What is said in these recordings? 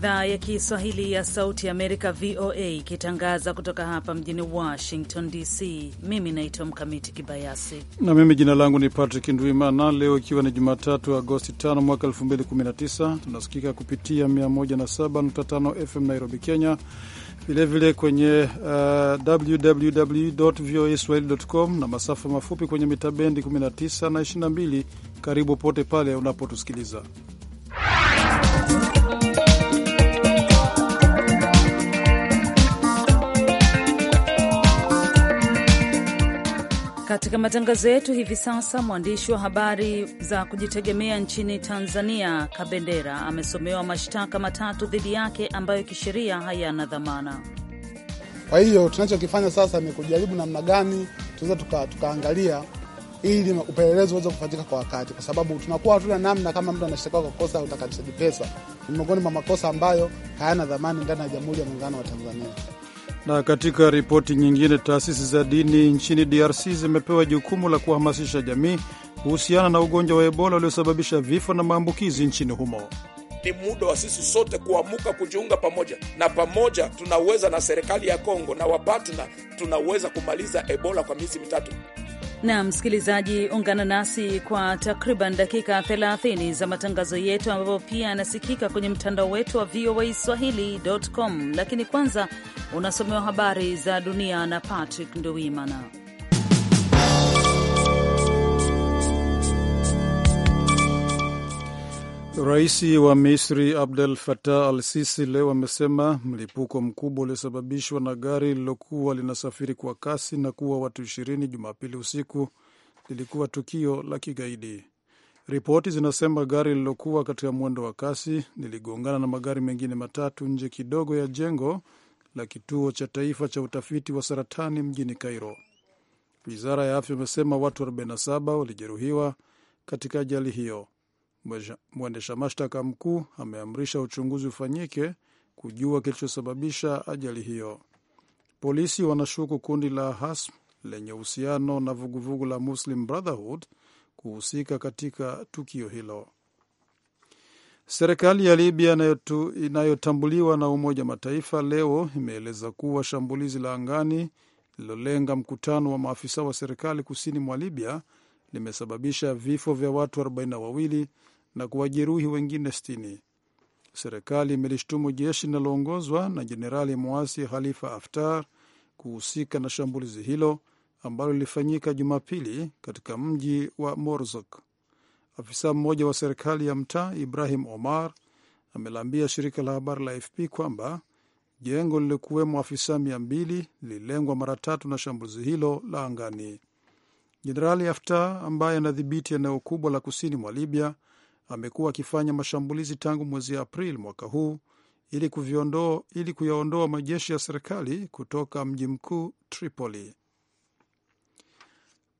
idhaa ya Kiswahili ya Sauti Amerika, VOA, ikitangaza kutoka hapa mjini Washington DC. Mimi naitwa Mkamiti Kibayasi na mimi jina langu ni Patrick Ndwimana. Leo ikiwa ni Jumatatu, Agosti 5 mwaka 2019, tunasikika kupitia 107.5 FM Nairobi, Kenya, vilevile kwenye uh, www voa swahili com na masafa mafupi kwenye mitabendi 19 na 22. Karibu pote pale unapotusikiliza Katika matangazo yetu hivi sasa, mwandishi wa habari za kujitegemea nchini Tanzania Kabendera amesomewa mashtaka matatu dhidi yake ambayo kisheria hayana dhamana. Kwa hiyo tunachokifanya sasa ni kujaribu namna gani tunaweza tuka, tukaangalia ili upelelezi uweze kufanyika kwa wakati, kwa sababu tunakuwa hatuna namna. Kama mtu anashtakiwa kwa kosa utakatishaji pesa, ni miongoni mwa makosa ambayo hayana dhamani ndani ya Jamhuri ya Muungano wa Tanzania. Na katika ripoti nyingine, taasisi za dini nchini DRC zimepewa jukumu la kuhamasisha jamii kuhusiana na ugonjwa wa Ebola uliosababisha vifo na maambukizi nchini humo. Ni muda wa sisi sote kuamuka, kujiunga pamoja, na pamoja tunaweza, na serikali ya Kongo na wapatna tunaweza kumaliza Ebola kwa miezi mitatu na msikilizaji, ungana nasi kwa takriban dakika 30 za matangazo yetu ambapo pia yanasikika kwenye mtandao wetu wa VOA Swahili.com. Lakini kwanza unasomewa habari za dunia na Patrick Nduwimana. Rais wa Misri Abdel Fattah al Sisi leo amesema mlipuko mkubwa uliosababishwa na gari lililokuwa linasafiri kwa kasi na kuwa watu ishirini Jumapili usiku lilikuwa tukio la kigaidi. Ripoti zinasema gari lililokuwa katika mwendo wa kasi liligongana na magari mengine matatu nje kidogo ya jengo la kituo cha taifa cha utafiti wa saratani mjini Cairo. Wizara ya afya imesema watu 47 walijeruhiwa katika ajali hiyo. Mwendesha mashtaka mkuu ameamrisha uchunguzi ufanyike kujua kilichosababisha ajali hiyo. Polisi wanashuku kundi la Hasm lenye uhusiano na vuguvugu la Muslim Brotherhood kuhusika katika tukio hilo. Serikali ya Libya inayotambuliwa na Umoja Mataifa leo imeeleza kuwa shambulizi la angani lililolenga mkutano wa maafisa wa serikali kusini mwa Libya limesababisha vifo vya watu 42 na kuwajeruhi wengine 60. Serikali imelishtumu jeshi linaloongozwa na jenerali mwasi Khalifa Haftar kuhusika na shambulizi hilo ambalo lilifanyika Jumapili katika mji wa Morzok. Afisa mmoja wa serikali ya mtaa Ibrahim Omar amelaambia shirika la habari la AFP kwamba jengo lilikuwemo afisa mia mbili lililengwa mara tatu na shambulizi hilo la angani. Jenerali Haftar ambaye anadhibiti eneo kubwa la kusini mwa Libya amekuwa akifanya mashambulizi tangu mwezi april mwaka huu ili kuviondoa, ili kuyaondoa majeshi ya serikali kutoka mji mkuu Tripoli.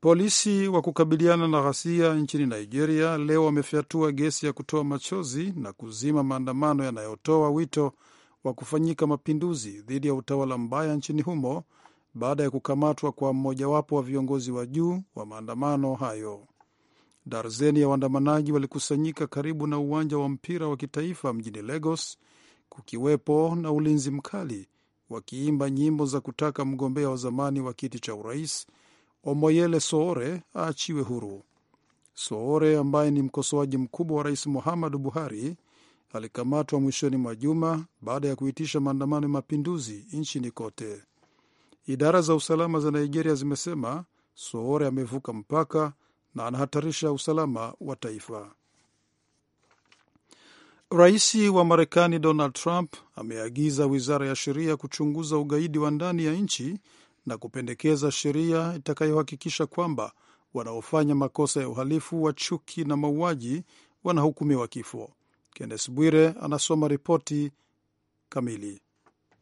Polisi wa kukabiliana na ghasia nchini Nigeria leo wamefyatua gesi ya kutoa machozi na kuzima maandamano yanayotoa wito wa kufanyika mapinduzi dhidi ya utawala mbaya nchini humo baada ya kukamatwa kwa mmojawapo wa viongozi wa juu wa maandamano hayo. Darzeni ya waandamanaji walikusanyika karibu na uwanja wa mpira wa kitaifa mjini Lagos, kukiwepo na ulinzi mkali, wakiimba nyimbo za kutaka mgombea wa zamani wa kiti cha urais Omoyele Soore aachiwe huru. Soore ambaye ni mkosoaji mkubwa wa rais Muhammadu Buhari alikamatwa mwishoni mwa juma baada ya kuitisha maandamano ya mapinduzi nchini kote. Idara za usalama za Nigeria zimesema Soore amevuka mpaka na anahatarisha usalama wa taifa. Rais wa Marekani Donald Trump ameagiza wizara ya sheria kuchunguza ugaidi wa ndani ya nchi na kupendekeza sheria itakayohakikisha kwamba wanaofanya makosa ya uhalifu wa chuki na mauaji wanahukumiwa kifo. Kennes Bwire anasoma ripoti kamili.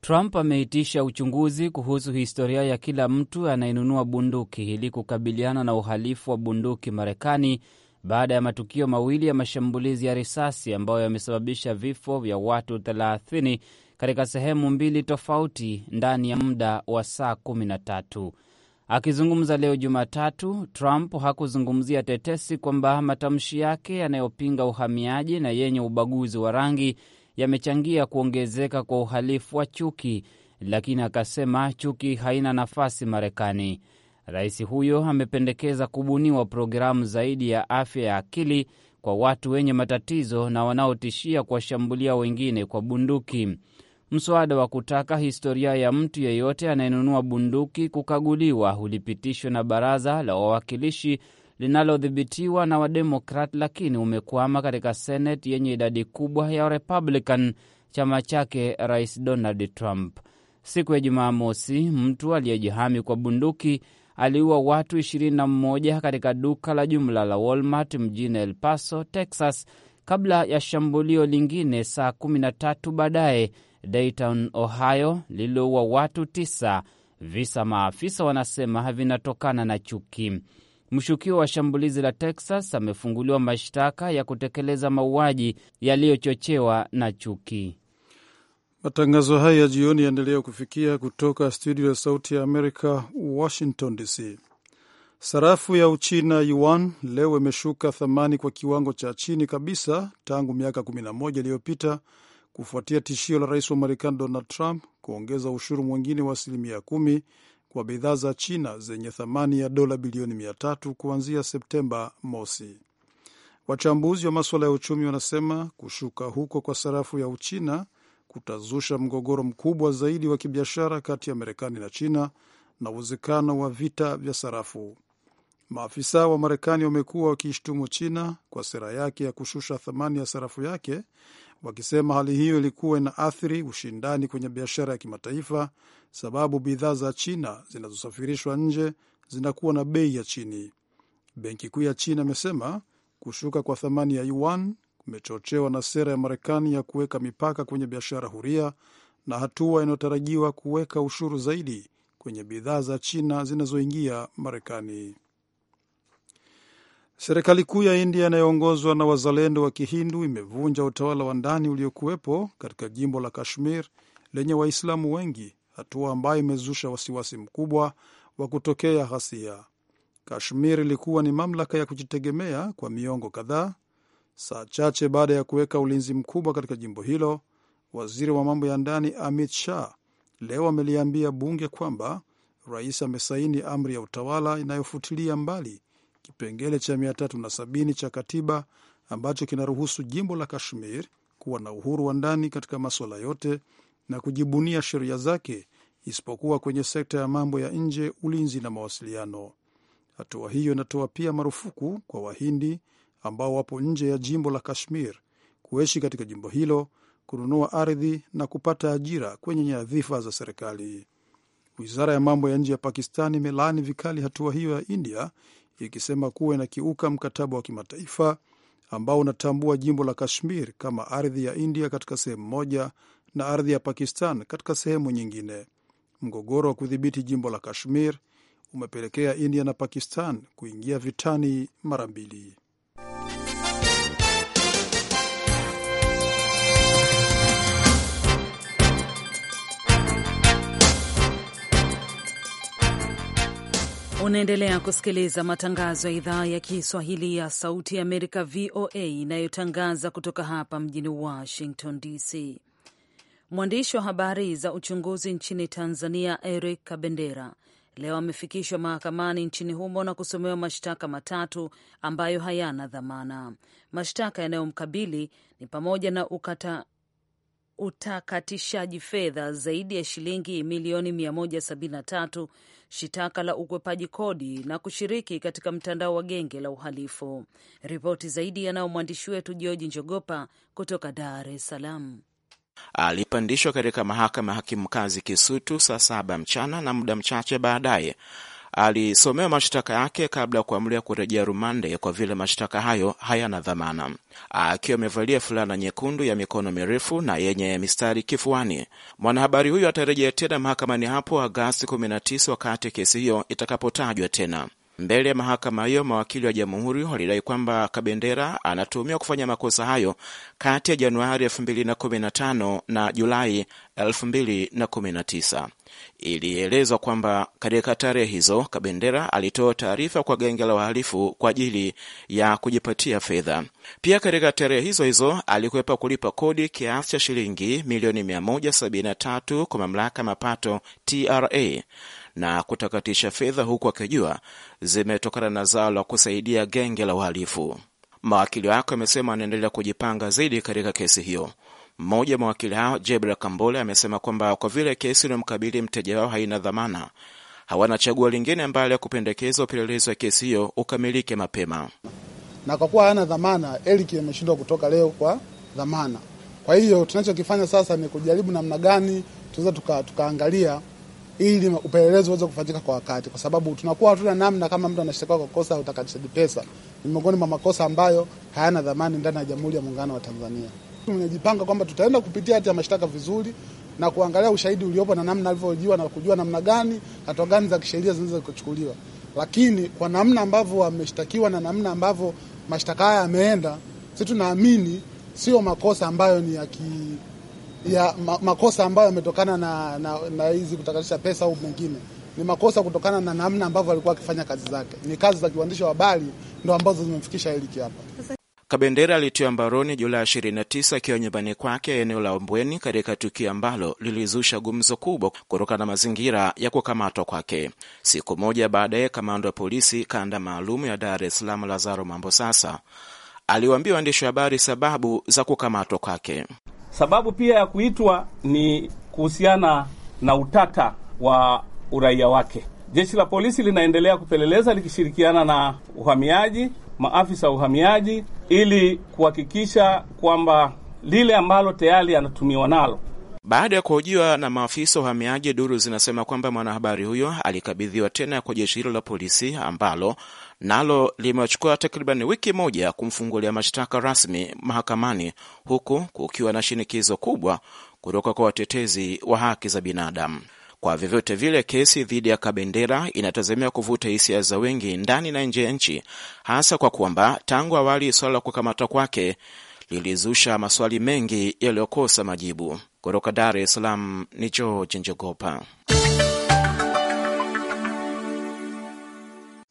Trump ameitisha uchunguzi kuhusu historia ya kila mtu anayenunua bunduki ili kukabiliana na uhalifu wa bunduki Marekani baada ya matukio mawili ya mashambulizi ya risasi ambayo yamesababisha vifo vya watu 30 katika sehemu mbili tofauti ndani ya muda wa saa tatu Akizungumza leo Jumatatu, Trump hakuzungumzia tetesi kwamba matamshi yake yanayopinga uhamiaji na yenye ubaguzi wa rangi yamechangia kuongezeka kwa uhalifu wa chuki, lakini akasema chuki haina nafasi Marekani. Rais huyo amependekeza kubuniwa programu zaidi ya afya ya akili kwa watu wenye matatizo na wanaotishia kuwashambulia wengine kwa bunduki. Mswada wa kutaka historia ya mtu yeyote anayenunua bunduki kukaguliwa ulipitishwa na baraza la wawakilishi linalodhibitiwa na Wademokrat, lakini umekwama katika Senate yenye idadi kubwa ya republican chama chake Rais Donald Trump. Siku ya Jumamosi, mtu aliyejihami kwa bunduki aliua watu 21 katika duka la jumla la Walmart mjini El Paso, Texas, kabla ya shambulio lingine saa 13 baadaye Dayton, Ohio, lililoua watu 9. Visa maafisa wanasema vinatokana na chuki. Mshukiwa wa shambulizi la Texas amefunguliwa mashtaka ya kutekeleza mauaji yaliyochochewa na chuki. Matangazo haya ya jioni yaendelea kufikia kutoka studio ya Sauti ya Amerika, Washington DC. Sarafu ya Uchina yuan leo imeshuka thamani kwa kiwango cha chini kabisa tangu miaka 11 iliyopita kufuatia tishio la rais wa Marekani Donald Trump kuongeza ushuru mwingine wa asilimia kumi kwa bidhaa za China zenye thamani ya dola bilioni mia tatu kuanzia Septemba mosi. Wachambuzi wa maswala ya uchumi wanasema kushuka huko kwa sarafu ya Uchina kutazusha mgogoro mkubwa zaidi wa kibiashara kati ya Marekani na China na uwezekano wa vita vya sarafu. Maafisa wa Marekani wamekuwa wakiishtumu China kwa sera yake ya kushusha thamani ya sarafu yake wakisema hali hiyo ilikuwa inaathiri ushindani kwenye biashara ya kimataifa, sababu bidhaa za China zinazosafirishwa nje zinakuwa na bei ya chini. Benki Kuu ya China imesema kushuka kwa thamani ya yuan kumechochewa na sera ya Marekani ya kuweka mipaka kwenye biashara huria na hatua inayotarajiwa kuweka ushuru zaidi kwenye bidhaa za China zinazoingia Marekani. Serikali kuu ya India inayoongozwa na wazalendo wa Kihindu imevunja utawala wa ndani uliokuwepo katika jimbo la Kashmir lenye Waislamu wengi, hatua ambayo imezusha wasiwasi mkubwa wa kutokea ghasia. Kashmir ilikuwa ni mamlaka ya kujitegemea kwa miongo kadhaa. Saa chache baada ya kuweka ulinzi mkubwa katika jimbo hilo, waziri wa mambo ya ndani Amit Shah leo ameliambia bunge kwamba rais amesaini amri ya utawala inayofutilia mbali kipengele cha sabini cha katiba ambacho kinaruhusu jimbo la Kashmir kuwa na uhuru wa ndani katika maswala yote na kujibunia sheria zake isipokuwa kwenye sekta ya mambo ya nje, ulinzi na mawasiliano. Hatua hiyo inatoa pia marufuku kwa Wahindi ambao wapo nje ya jimbo la Kashmir kuishi katika jimbo hilo, kununua ardhi na kupata ajira kwenye nyadhifa za serikali. Wizara ya mambo ya nje ya Pakistan imelaani vikali hatua hiyo ya India ikisema kuwa inakiuka mkataba wa kimataifa ambao unatambua jimbo la Kashmir kama ardhi ya India katika sehemu moja na ardhi ya Pakistan katika sehemu nyingine. Mgogoro wa kudhibiti jimbo la Kashmir umepelekea India na Pakistan kuingia vitani mara mbili. Unaendelea kusikiliza matangazo ya idhaa ya Kiswahili ya Sauti ya Amerika, VOA, inayotangaza kutoka hapa mjini Washington DC. Mwandishi wa habari za uchunguzi nchini Tanzania, Eric Kabendera, leo amefikishwa mahakamani nchini humo na kusomewa mashtaka matatu ambayo hayana dhamana. Mashtaka yanayomkabili ni pamoja na ukata utakatishaji fedha zaidi ya shilingi milioni 173 shitaka la ukwepaji kodi na kushiriki katika mtandao wa genge la uhalifu. Ripoti zaidi yanayo mwandishi wetu Georgi Njogopa kutoka Dar es Salaam. Alipandishwa katika mahakama ya hakimu kazi Kisutu saa saba mchana na muda mchache baadaye alisomewa mashtaka yake kabla ya kuamulia kurejea rumande kwa vile mashtaka hayo hayana dhamana. Akiwa amevalia fulana nyekundu ya mikono mirefu na yenye mistari kifuani, mwanahabari huyo atarejea tena mahakamani hapo Agasti 19 wakati kesi hiyo itakapotajwa tena. Mbele ya mahakama hiyo, mawakili wa jamhuri walidai kwamba Kabendera anatuhumiwa kufanya makosa hayo kati ya Januari 2015 na Julai 2019. Ilielezwa kwamba katika tarehe hizo Kabendera alitoa taarifa kwa genge la wahalifu kwa ajili ya kujipatia fedha. Pia katika tarehe hizo hizo alikwepa kulipa kodi kiasi cha shilingi milioni 173 kwa mamlaka mapato TRA na kutakatisha fedha, huku akijua zimetokana na zao la kusaidia genge la uhalifu. Mawakili wake wamesema wanaendelea kujipanga zaidi katika kesi hiyo. Mmoja wa mawakili hao Jebra Kambole amesema kwamba kwa vile kesi inayomkabili mteja wao haina dhamana, hawana chaguo lingine mbali ya kupendekeza upelelezi wa kesi hiyo ukamilike mapema, na kwa kuwa hana dhamana, Eric ameshindwa kutoka leo kwa dhamana. Kwa hiyo tunachokifanya sasa ni kujaribu namna gani tunaweza tukaangalia ili upelelezi uweze kufanyika kwa wakati, kwa sababu tunakuwa hatuna namna. Kama mtu anashtakiwa kwa kosa la utakatishaji pesa, ni miongoni mwa makosa ambayo hayana dhamani ndani ya Jamhuri ya Muungano wa Tanzania. Tumejipanga kwamba tutaenda kupitia hati ya mashtaka vizuri na kuangalia ushahidi uliopo na namna alivyojiwa na kujua namna gani, hatua gani za kisheria zinaweza kuchukuliwa, lakini kwa namna ambavyo wameshtakiwa na namna ambavyo mashtaka haya yameenda, si tunaamini sio makosa ambayo ni ya ki ya makosa ambayo yametokana na, na, na hizi kutakatisha pesa au mengine ni makosa kutokana na namna ambavyo alikuwa akifanya kazi zake. Ni kazi za kiwandishi wa habari ndo ambazo zimemfikisha hili hapa. Kabendera alitiwa mbaroni Julai 29 akiwa nyumbani kwake eneo la Ombweni katika tukio ambalo lilizusha gumzo kubwa kutokana na mazingira ya kukamatwa kwake. Siku moja baadaye, kamanda wa polisi kanda maalum ya Dar es Salaam Lazaro Mambo sasa aliwaambia waandishi wa habari sababu za kukamatwa kwake. Sababu pia ya kuitwa ni kuhusiana na utata wa uraia wake. Jeshi la polisi linaendelea kupeleleza likishirikiana na uhamiaji, maafisa wa uhamiaji, ili kuhakikisha kwamba lile ambalo tayari anatumiwa nalo baada ya kuhojiwa na maafisa wa uhamiaji, duru zinasema kwamba mwanahabari huyo alikabidhiwa tena kwa jeshi hilo la polisi ambalo nalo limewachukua takriban wiki moja kumfungulia mashtaka rasmi mahakamani, huku kukiwa na shinikizo kubwa kutoka kwa watetezi wa haki za binadamu. Kwa vyovyote vile, kesi dhidi ya Kabendera inatazamia kuvuta hisia za wengi ndani na nje ya nchi, hasa kwa kwamba tangu awali suala la kukamatwa kwake lilizusha maswali mengi yaliyokosa majibu. Kutoka Dar es Salaam ni George Njogopa.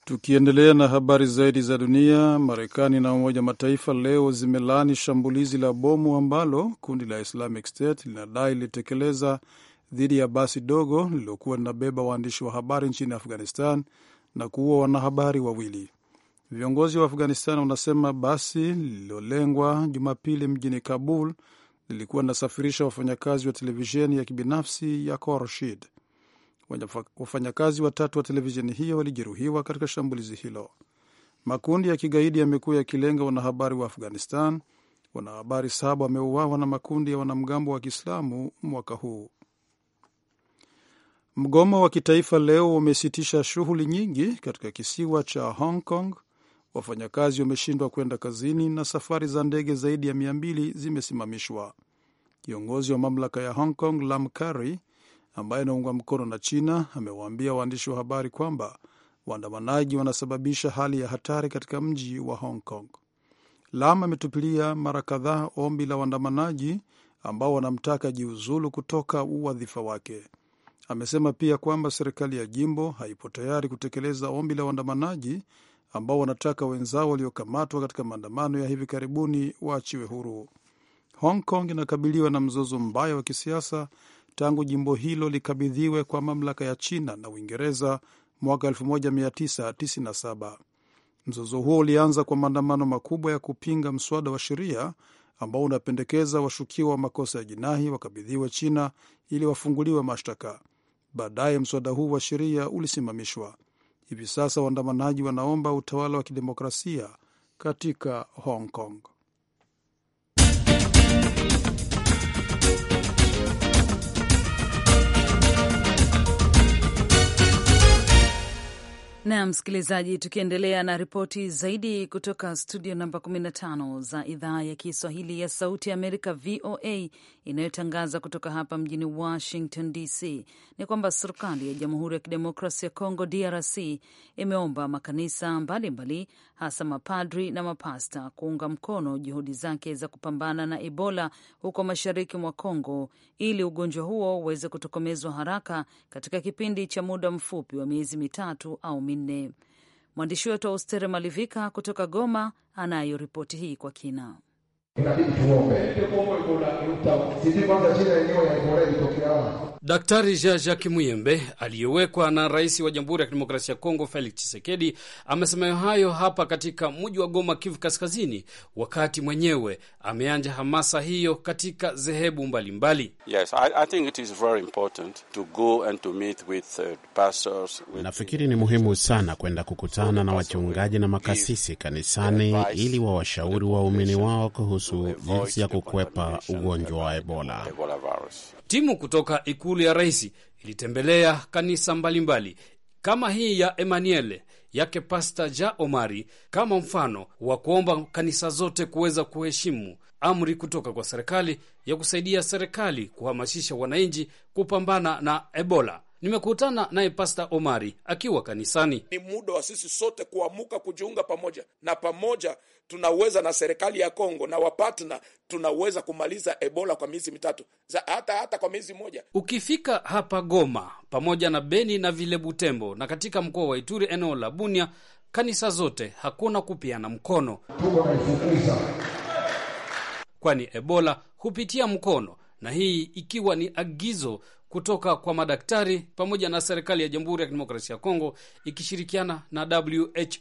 Tukiendelea na habari zaidi za dunia, Marekani na Umoja Mataifa leo zimelaani shambulizi la bomu ambalo kundi la Islamic State linadai lilitekeleza dhidi ya basi dogo lililokuwa linabeba waandishi wa habari nchini Afghanistan na kuua wanahabari wawili. Viongozi wa Afghanistan wanasema basi lililolengwa Jumapili mjini Kabul lilikuwa linasafirisha wafanyakazi wa televisheni ya kibinafsi ya Khorshid. Wafanyakazi watatu wa televisheni hiyo walijeruhiwa katika shambulizi hilo. Makundi ya kigaidi yamekuwa yakilenga wanahabari wa Afghanistan. Wanahabari saba wameuawa na makundi ya wanamgambo wa Kiislamu mwaka huu. Mgomo wa kitaifa leo umesitisha shughuli nyingi katika kisiwa cha Hong Kong. Wafanyakazi wameshindwa kwenda kazini na safari za ndege zaidi ya mia mbili zimesimamishwa. Kiongozi wa mamlaka ya Hong Kong Lam ambaye anaungwa mkono na China amewaambia waandishi wa habari kwamba waandamanaji wanasababisha hali ya hatari katika mji wa Hong Kong. Lam ametupilia mara kadhaa ombi la waandamanaji ambao wanamtaka jiuzulu kutoka uwadhifa wake. Amesema pia kwamba serikali ya jimbo haipo tayari kutekeleza ombi la waandamanaji ambao wanataka wenzao waliokamatwa katika maandamano ya hivi karibuni waachiwe huru. Hong Kong inakabiliwa na mzozo mbaya wa kisiasa tangu jimbo hilo likabidhiwe kwa mamlaka ya China na Uingereza mwaka 1997. Mzozo huo ulianza kwa maandamano makubwa ya kupinga mswada wa sheria ambao unapendekeza washukiwa wa makosa ya jinai wakabidhiwe China ili wafunguliwe mashtaka. Baadaye mswada huu wa sheria ulisimamishwa. Hivi sasa waandamanaji wanaomba utawala wa kidemokrasia katika Hong Kong. na msikilizaji, tukiendelea na ripoti zaidi kutoka studio namba 15 za idhaa ya Kiswahili ya Sauti ya Amerika, VOA, inayotangaza kutoka hapa mjini Washington DC, ni kwamba serikali ya Jamhuri ya Kidemokrasi ya Kongo, DRC, imeomba makanisa mbalimbali, hasa mapadri na mapasta, kuunga mkono juhudi zake za kupambana na Ebola huko mashariki mwa Kongo, ili ugonjwa huo uweze kutokomezwa haraka katika kipindi cha muda mfupi wa miezi mitatu au minne. Jumanne. Mwandishi wetu Austere Malivika kutoka Goma anayo ripoti hii kwa kina inabidi tuombe. Daktari Jean Jacques Muyembe aliyewekwa na rais wa Jamhuri ya Kidemokrasia ya Kongo Felix Tshisekedi amesema hayo hapa katika mji wa Goma, Kivu Kaskazini, wakati mwenyewe ameanja hamasa hiyo katika dhehebu mbalimbali. Yes, with... nafikiri ni muhimu sana kwenda kukutana na wachungaji na makasisi kanisani ili wawashauri waumini wao kuhusu kuhusu jinsi ya kukwepa ugonjwa wa Ebola. Timu kutoka ikulu ya rais ilitembelea kanisa mbalimbali mbali, kama hii ya Emmanuel yake Pasta Ja Omari kama mfano wa kuomba kanisa zote kuweza kuheshimu amri kutoka kwa serikali ya kusaidia serikali kuhamasisha wananchi kupambana na Ebola. Nimekutana naye Pasta Omari akiwa kanisani. Ni muda wa sisi sote kuamuka, kujiunga pamoja na pamoja tunaweza na serikali ya Kongo na wapatna tunaweza kumaliza Ebola kwa miezi mitatu hata hata kwa miezi moja. Ukifika hapa Goma pamoja na Beni na vile Butembo na katika mkoa wa Ituri eneo la Bunia, kanisa zote hakuna kupiana mkono, kwani Ebola hupitia mkono, na hii ikiwa ni agizo kutoka kwa madaktari pamoja na serikali ya Jamhuri ya Kidemokrasia ya Kongo ikishirikiana na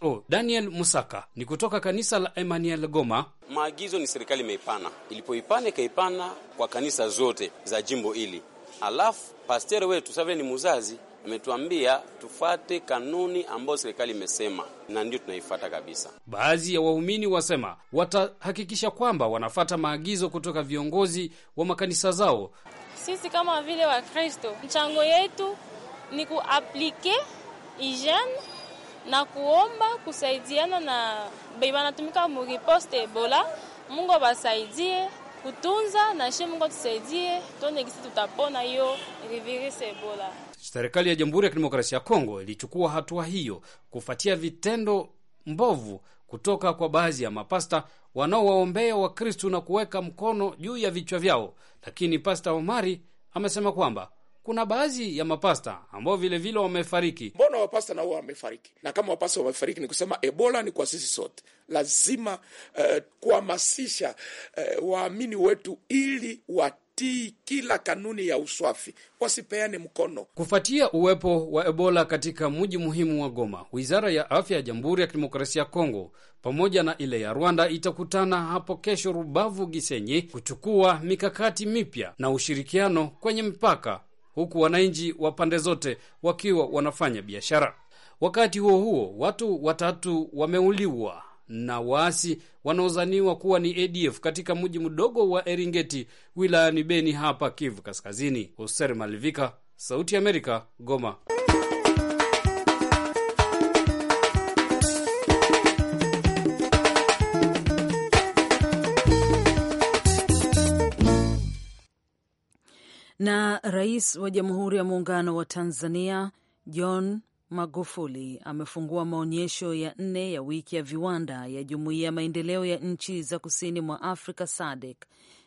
WHO. Daniel Musaka ni kutoka kanisa la Emmanuel Goma. Maagizo ni serikali imeipana, ilipoipana ikaipana kwa kanisa zote za jimbo hili, alafu pasteri wetu Savile ni muzazi ametuambia tufate kanuni ambayo serikali imesema na ndio tunaifuata kabisa. Baadhi ya waumini wasema watahakikisha kwamba wanafata maagizo kutoka viongozi wa makanisa zao. Sisi kama vile Wakristo, mchango yetu ni kuaplike hygiene na kuomba kusaidiana na banatumika muriposte Ebola. Mungu abasaidie kutunza na shi, Mungu atusaidie tuone gisi tutapona hiyo rivirisi Ebola. Serikali ya Jamhuri ya Kidemokrasia ya Kongo ilichukua hatua hiyo kufuatia vitendo mbovu kutoka kwa baadhi ya mapasta wanaowaombea Wakristu na kuweka mkono juu ya vichwa vyao. Lakini Pasta Omari amesema kwamba kuna baadhi ya mapasta ambao vilevile wamefariki. Mbona wapasta nao wamefariki? Na kama wapasta wamefariki, ni kusema Ebola ni kwa sisi sote, lazima uh, kuhamasisha uh, waamini wetu ili wat kutii kila kanuni ya uswafi, wasipeane mkono. Kufuatia uwepo wa Ebola katika mji muhimu wa Goma, wizara ya afya ya Jamhuri ya Kidemokrasia ya Kongo pamoja na ile ya Rwanda itakutana hapo kesho Rubavu Gisenyi kuchukua mikakati mipya na ushirikiano kwenye mpaka, huku wananchi wa pande zote wakiwa wanafanya biashara. Wakati huo huo, watu watatu wameuliwa na waasi wanaozaniwa kuwa ni ADF katika mji mdogo wa Eringeti wilayani Beni hapa Kivu Kaskazini. Hoser Malivika, Sauti ya Amerika, Goma. Na rais wa Jamhuri ya Muungano wa Tanzania John Magufuli amefungua maonyesho ya nne ya wiki ya viwanda ya Jumuiya ya Maendeleo ya Nchi za Kusini mwa Afrika SADC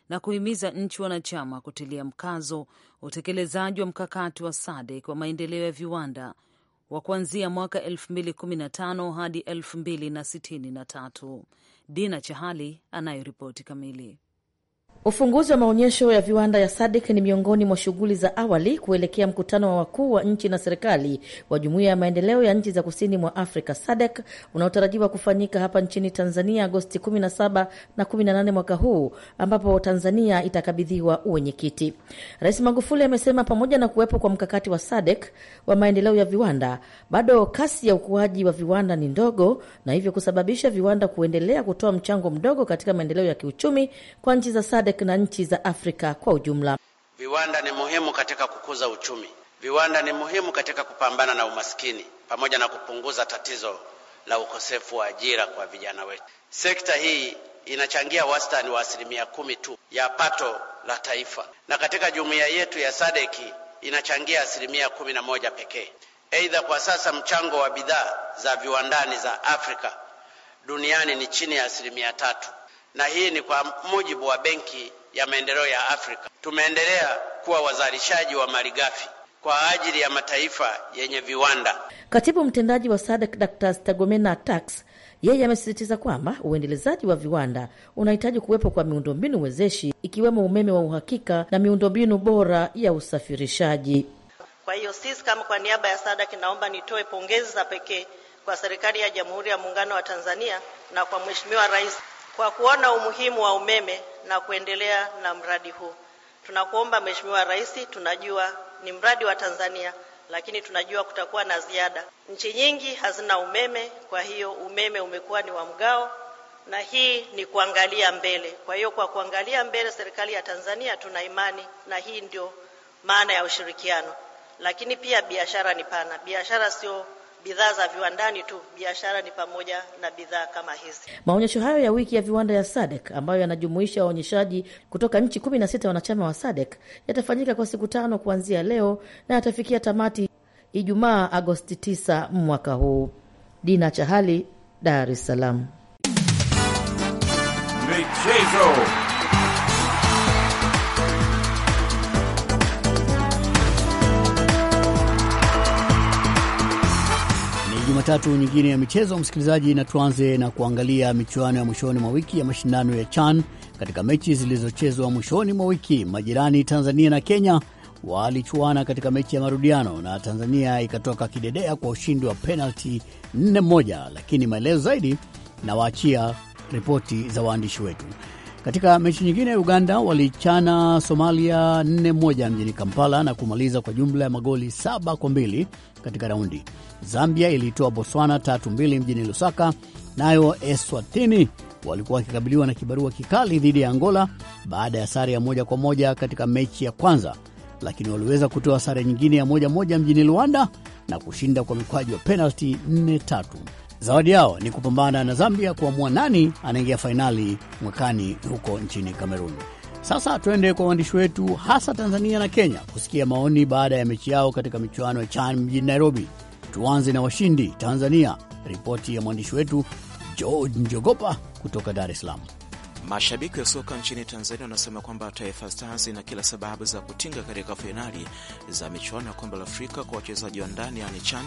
na kuhimiza nchi wanachama kutilia mkazo utekelezaji wa mkakati wa SADC wa maendeleo ya viwanda wa kuanzia mwaka 2015 hadi 2063. Dina Chahali anayo ripoti kamili. Ufunguzi wa maonyesho ya viwanda ya SADC ni miongoni mwa shughuli za awali kuelekea mkutano wa wakuu wa nchi na serikali wa Jumuiya ya Maendeleo ya Nchi za Kusini mwa Afrika SADC unaotarajiwa kufanyika hapa nchini Tanzania Agosti 17 na 18 mwaka huu, ambapo Tanzania itakabidhiwa uwenyekiti. Rais Magufuli amesema pamoja na kuwepo kwa mkakati wa SADC wa maendeleo ya viwanda, bado kasi ya ukuaji wa viwanda ni ndogo, na hivyo kusababisha viwanda kuendelea kutoa mchango mdogo katika maendeleo ya kiuchumi kwa nchi za SADC SADC na nchi za Afrika kwa ujumla. Viwanda ni muhimu katika kukuza uchumi. Viwanda ni muhimu katika kupambana na umaskini pamoja na kupunguza tatizo la ukosefu wa ajira kwa vijana wetu. Sekta hii inachangia wastani wa asilimia kumi tu ya pato la taifa, na katika jumuiya yetu ya Sadeki inachangia asilimia kumi na moja pekee. Aidha, kwa sasa mchango wa bidhaa za viwandani za Afrika duniani ni chini ya asilimia tatu na hii ni kwa mujibu wa Benki ya Maendeleo ya Afrika. Tumeendelea kuwa wazalishaji wa malighafi kwa ajili ya mataifa yenye viwanda. Katibu mtendaji wa SADC Dr. stagomena Tax yeye amesisitiza kwamba uendelezaji wa viwanda unahitaji kuwepo kwa miundombinu wezeshi ikiwemo umeme wa uhakika na miundombinu bora ya usafirishaji. Kwa hiyo sisi kama kwa niaba ya SADC naomba nitoe pongezi za pekee kwa serikali ya Jamhuri ya Muungano wa Tanzania na kwa Mheshimiwa Rais kwa kuona umuhimu wa umeme na kuendelea na mradi huu, tunakuomba Mheshimiwa Rais, tunajua ni mradi wa Tanzania, lakini tunajua kutakuwa na ziada. Nchi nyingi hazina umeme, kwa hiyo umeme umekuwa ni wa mgao, na hii ni kuangalia mbele. Kwa hiyo kwa kuangalia mbele, serikali ya Tanzania tuna imani, na hii ndio maana ya ushirikiano. Lakini pia biashara ni pana, biashara sio bidhaa za viwandani tu, biashara ni pamoja na bidhaa kama hizi. Maonyesho hayo ya wiki ya viwanda ya SADC ambayo yanajumuisha waonyeshaji kutoka nchi kumi na sita wanachama wa SADC yatafanyika kwa siku tano kuanzia leo na yatafikia tamati Ijumaa Agosti 9 mwaka huu. Dina Chahali, Dar es Salaam. Michezo. tatu nyingine ya michezo, msikilizaji, na tuanze na kuangalia michuano ya mwishoni mwa wiki ya mashindano ya CHAN. Katika mechi zilizochezwa mwishoni mwa wiki, majirani Tanzania na Kenya walichuana katika mechi ya marudiano na Tanzania ikatoka kidedea kwa ushindi wa penalti 4-1, lakini maelezo zaidi nawaachia ripoti za waandishi wetu. Katika mechi nyingine, Uganda walichana Somalia 4-1 mjini Kampala na kumaliza kwa jumla ya magoli saba kwa mbili katika raundi. Zambia ilitoa Botswana 3-2 mjini Lusaka, nayo Eswatini walikuwa wakikabiliwa na kibarua kikali dhidi ya Angola baada ya sare ya moja kwa moja katika mechi ya kwanza, lakini waliweza kutoa sare nyingine ya moja moja mjini Luanda na kushinda kwa mikwaju ya penalti 4-3. Zawadi yao ni kupambana na Zambia kuamua nani anaingia fainali mwakani huko nchini Kamerun. Sasa tuende kwa waandishi wetu hasa Tanzania na Kenya kusikia maoni baada ya mechi yao katika michuano ya CHAN mjini Nairobi. Tuanze na washindi Tanzania, ripoti ya mwandishi wetu George Njogopa kutoka Dar es Salaam. Mashabiki wa soka nchini Tanzania wanasema kwamba Taifa Stars ina kila sababu za kutinga katika fainali za michuano ya kombe la Afrika kwa wachezaji wa ndani, yani CHAN,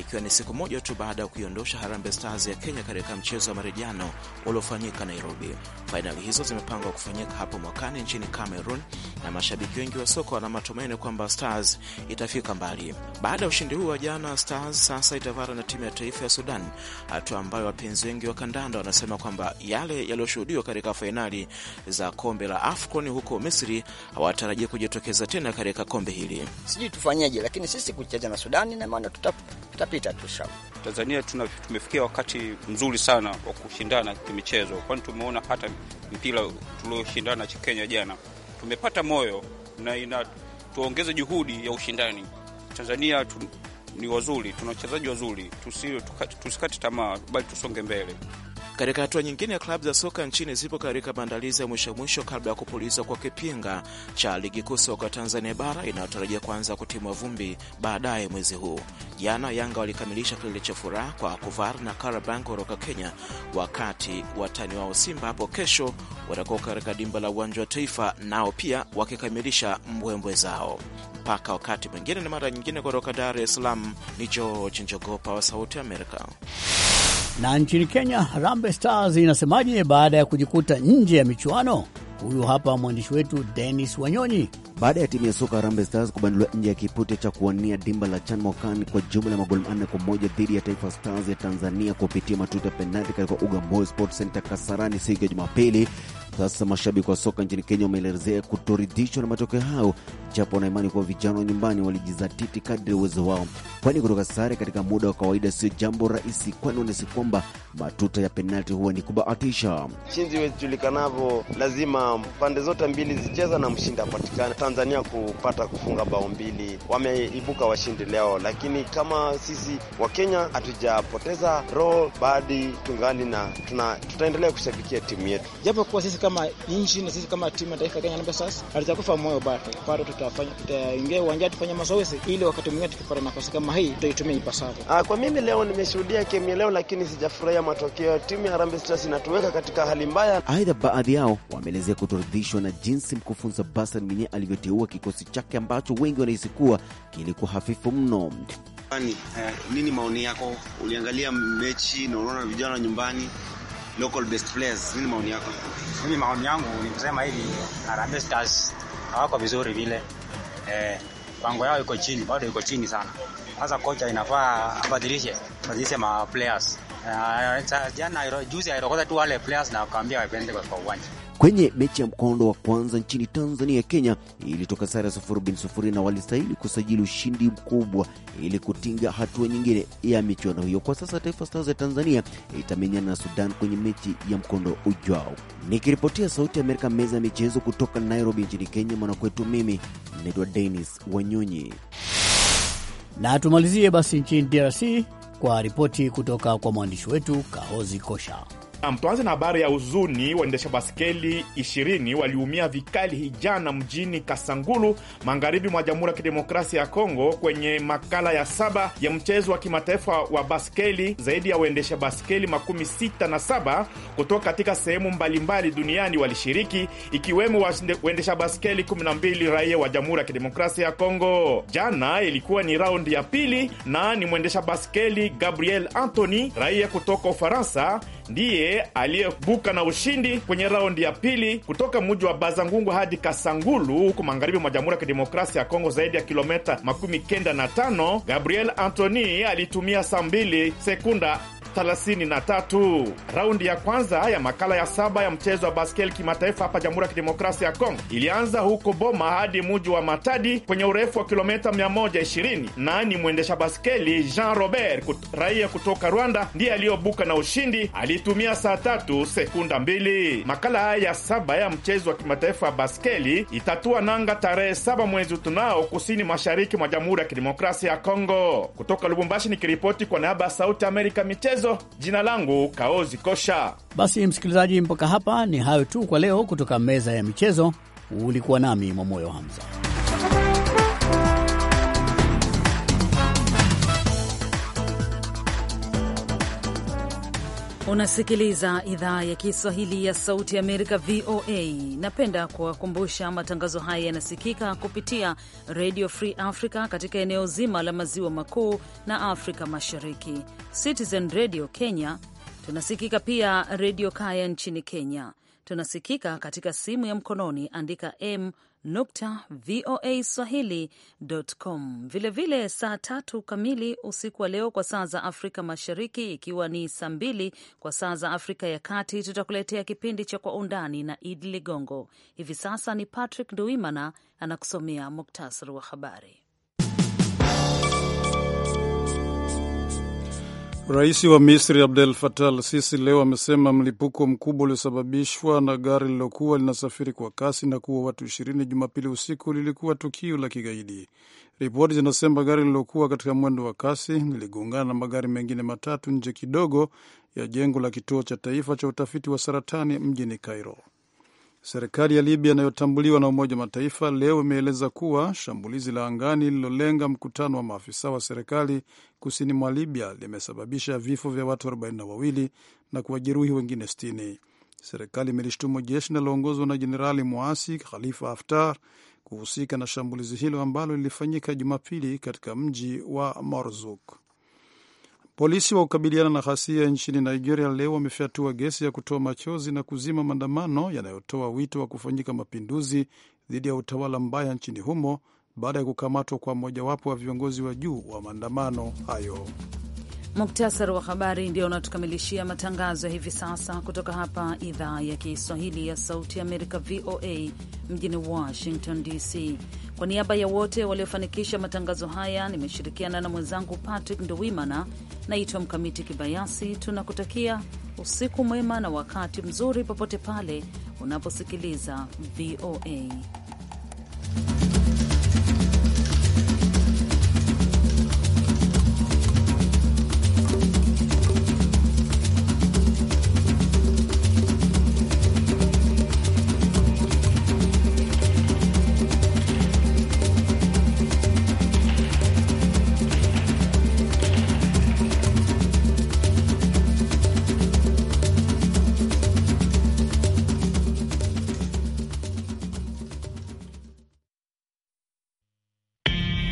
ikiwa ni siku moja tu baada ya kuiondosha Harambee Stars ya Kenya katika mchezo wa marejano uliofanyika Nairobi. Fainali hizo zimepangwa kufanyika hapo mwakani nchini Cameroon, na mashabiki wengi wa soka wana matumaini kwamba Stars itafika mbali. Baada ya ushindi huu wa jana, Stars sasa itavara na timu ya taifa ya Sudan, hatua ambayo wapenzi wengi wa kandanda wanasema kwamba yale yaliyoshuhudiwa katika fainali za kombe la AFCON huko Misri hawatarajia kujitokeza tena katika kombe hili. Sijui tufanyeje, lakini sisi kucheza na Sudani na maana tutapita tu Tanzania tuna, tumefikia wakati mzuri sana wa kushindana kimichezo, kwani tumeona hata mpira tulioshindana cha Kenya jana, tumepata moyo na ina tuongeze juhudi ya ushindani. Tanzania tu, ni wazuri, tuna wachezaji wazuri, tusikate tamaa, bali tusonge mbele. Katika hatua nyingine ya klabu za soka nchini zipo katika maandalizi ya mwisho mwisho kabla ya kupulizwa kwa kipinga cha ligi kuu soka Tanzania bara inayotarajia kuanza kutimwa vumbi baadaye mwezi huu. Jana Yanga walikamilisha kilele cha furaha kwa kuvar na Karabang kutoka Kenya, wakati watani wao Simba hapo kesho watakuwa katika dimba la uwanja wa Taifa, nao pia wakikamilisha mbwembwe zao. Mpaka wakati mwingine na mara nyingine, kutoka Dar es Salaam ni George Njogopa wa Sauti Amerika. Na nchini Kenya, Harambee Stars inasemaje baada ya kujikuta nje ya michuano? Huyu hapa mwandishi wetu Dennis Wanyonyi. Baada ya timu ya soka Harambee Stars kubanduliwa nje ya kipute cha kuwania dimba la CHAN mwakani kwa jumla ya magoli manne kwa moja dhidi ya Taifa Stars ya Tanzania kupitia matuta penalti katika uga Moi Sports Center Kasarani siku ya Jumapili, sasa mashabiki wa soka nchini Kenya wameelezea kutoridhishwa na matokeo hayo, japo wanaimani kuwa vijana wa nyumbani walijizatiti kadri uwezo wao, kwani kutoka sare katika muda wa kawaida sio jambo rahisi, kwani wanahisi kwamba matuta ya penalti huwa ni kubahatisha. Chinzi wejulikanavyo, lazima pande zote mbili zicheza na mshindi apatikane. Tanzania kupata kufunga bao mbili, wameibuka washindi leo, lakini kama sisi Wakenya hatujapoteza roho, baadi tungali na tutaendelea kushabikia timu yetu, japo kuwa sisi kama nchi na sisi kama timu ya taifa Kenya Harambee Stars hatutakufa moyo bado, bado tutafanya, tutaingia uwanjani tufanye mazoezi ili wakati mwingine tukipata nafasi kama hii tutaitumia ipasavyo. Ah, kwa mimi leo nimeshuhudia kemi leo, lakini sijafurahia matokeo. Timu ya Harambee Stars inatuweka katika hali mbaya. Aidha, baadhi yao wameelezea kutoridhishwa na jinsi mkufunza Bassan Minye alivyoteua kikosi chake ambacho wengi wanahisi kuwa kilikuwa hafifu mno. Ani, eh, nini maoni yako? Uliangalia mechi na unaona vijana nyumbani local best players. Nini maoni yako? Mimi maoni yangu ni kusema hivi, Harambee Stars hawako vizuri vile eh, pango yao iko chini, bado iko chini sana. Sasa kocha inafaa abadilishe badilishe ma players. Uh, jana juzi alirokoza tu wale players na akawaambia waende kwa uwanja. Kwenye mechi ya mkondo wa kwanza nchini Tanzania, Kenya ilitoka sare sufuri bin sufuri na walistahili kusajili ushindi mkubwa ili kutinga hatua nyingine ya michuano hiyo. Kwa sasa Taifa Stars ya Tanzania itamenyana na Sudan kwenye mechi ya mkondo ujao. Nikiripotia Sauti ya Amerika, meza ya michezo kutoka Nairobi nchini Kenya, mwanakwetu, mimi naitwa Dennis Wanyonyi. Na tumalizie basi nchini DRC kwa ripoti kutoka kwa mwandishi wetu Kahozi Kosha tuanze na habari ya huzuni. Waendesha baskeli 20 waliumia vikali hijana mjini Kasangulu, magharibi mwa Jamhuri ya Kidemokrasia ya Kongo, kwenye makala ya saba ya mchezo wa kimataifa wa baskeli. Zaidi ya waendesha baskeli makumi sita na saba kutoka katika sehemu mbalimbali duniani walishiriki, ikiwemo waendesha baskeli 12 raia wa Jamhuri ya Kidemokrasia ya Kongo. Jana ilikuwa ni raundi ya pili, na ni mwendesha baskeli Gabriel Anthony raia kutoka Ufaransa ndiye aliyebuka na ushindi kwenye raundi ya pili kutoka muji wa Bazangungu hadi Kasangulu huku magharibi mwa Jamhuri ya Kidemokrasia ya Kongo, zaidi ya kilometa makumi kenda na tano. Gabriel Antony alitumia saa mbili sekunda 33. Raundi ya kwanza ya makala ya saba ya mchezo wa baskeli kimataifa hapa Jamhuri ya Kidemokrasia ya Kongo ilianza huko Boma hadi muji wa Matadi kwenye urefu wa kilometa 120, na ni mwendesha baskeli Jean Robert kut, raia kutoka Rwanda ndiye aliyobuka na ushindi, alitumia saa tatu sekunda mbili. Makala haya ya saba ya mchezo wa kimataifa ya baskeli itatua nanga tarehe saba mwezi tunao kusini mashariki mwa Jamhuri ya Kidemokrasia ya Kongo. Kutoka Lubumbashi nikiripoti kwa niaba ya Sauti Amerika michezo michezo. Jina langu Kaozi Kosha. Basi msikilizaji, mpaka hapa ni hayo tu kwa leo, kutoka meza ya michezo. Ulikuwa nami Mwamoyo Hamza. Unasikiliza idhaa ya Kiswahili ya Sauti ya Amerika, VOA. Napenda kuwakumbusha matangazo haya yanasikika kupitia Radio Free Africa katika eneo zima la maziwa makuu na Afrika Mashariki, Citizen Radio Kenya. Tunasikika pia Redio Kaya nchini Kenya. Tunasikika katika simu ya mkononi, andika m voa swahili.com. Vilevile saa tatu kamili usiku wa leo kwa saa za Afrika Mashariki, ikiwa ni saa mbili kwa saa za Afrika ya Kati, tutakuletea kipindi cha Kwa Undani na Idi Ligongo. Hivi sasa ni Patrick Nduimana anakusomea muktasari wa habari. Rais wa Misri Abdel Fattah al-Sisi leo amesema mlipuko mkubwa uliosababishwa na gari lilokuwa linasafiri kwa kasi na kuwa watu ishirini Jumapili usiku lilikuwa tukio la kigaidi. Ripoti zinasema gari lililokuwa katika mwendo wa kasi liligongana na magari mengine matatu nje kidogo ya jengo la kituo cha taifa cha utafiti wa saratani mjini Cairo. Serikali ya Libya inayotambuliwa na Umoja wa Mataifa leo imeeleza kuwa shambulizi la angani lililolenga mkutano wa maafisa wa serikali kusini mwa Libya limesababisha vifo vya watu 42 na kuwajeruhi wengine 60. Serikali imelishtumu jeshi linaloongozwa na Jenerali muasi Khalifa Haftar kuhusika na shambulizi hilo ambalo lilifanyika Jumapili katika mji wa Marzuk. Polisi wa kukabiliana na ghasia nchini Nigeria leo wamefyatua gesi ya kutoa machozi na kuzima maandamano yanayotoa wito wa kufanyika mapinduzi dhidi ya utawala mbaya nchini humo baada ya kukamatwa kwa mmojawapo wa viongozi wa juu wa maandamano hayo. Muktasari wa habari ndio unatukamilishia matangazo ya hivi sasa kutoka hapa idhaa ya Kiswahili ya Sauti ya Amerika, VOA mjini Washington DC. Kwa niaba ya wote waliofanikisha matangazo haya, nimeshirikiana na mwenzangu Patrick Ndowimana. Naitwa Mkamiti Kibayasi. Tunakutakia usiku mwema na wakati mzuri popote pale unaposikiliza VOA.